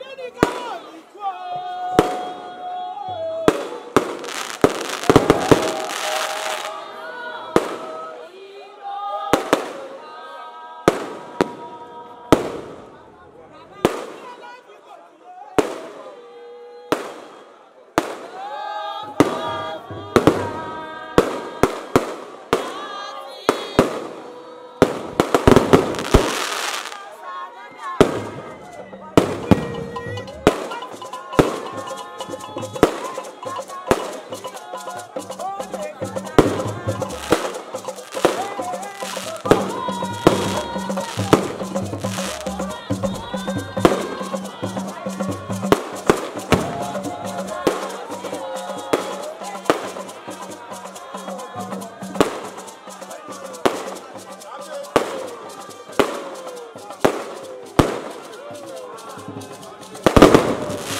Dominicanos! Thank you.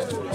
Thank you.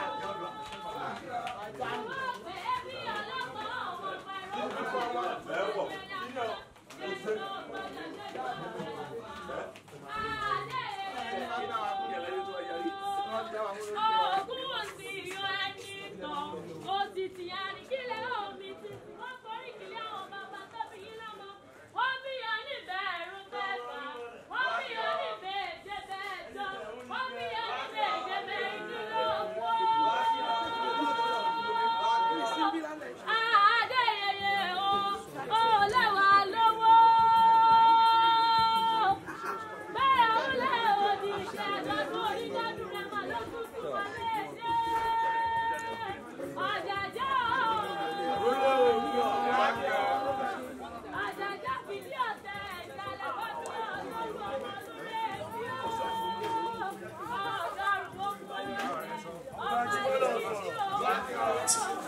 Thank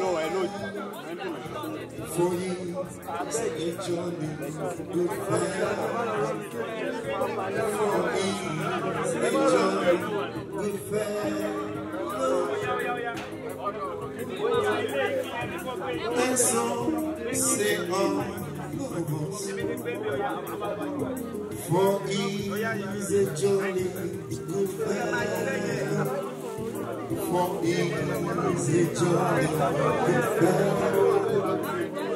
Hello, hello. you Pensons, c'est un For he's a jolly good fellow. For he is a jolly good fellow.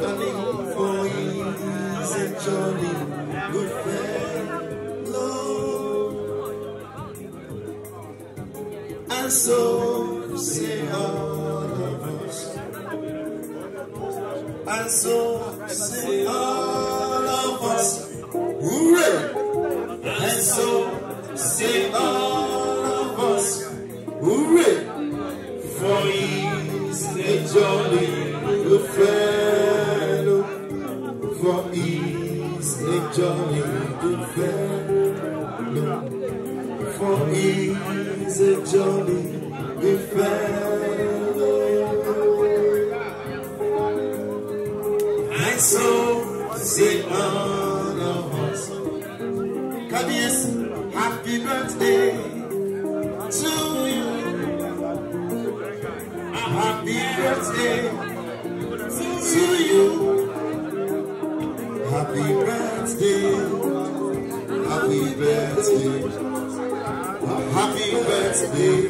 Darling, for is a jolly good fellow. And so And so say all of us, hooray! And so say all of us, hooray! For you. my sing all of us. happy birthday to you. A happy birthday to you. Happy birthday, happy birthday, happy birthday.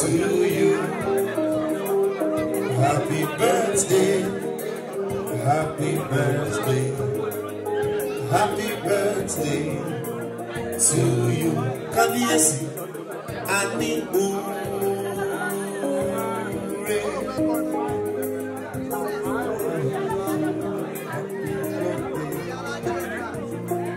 to you. Happy birthday, happy birthday, happy birthday to you. Kabiesi, Ani Ure.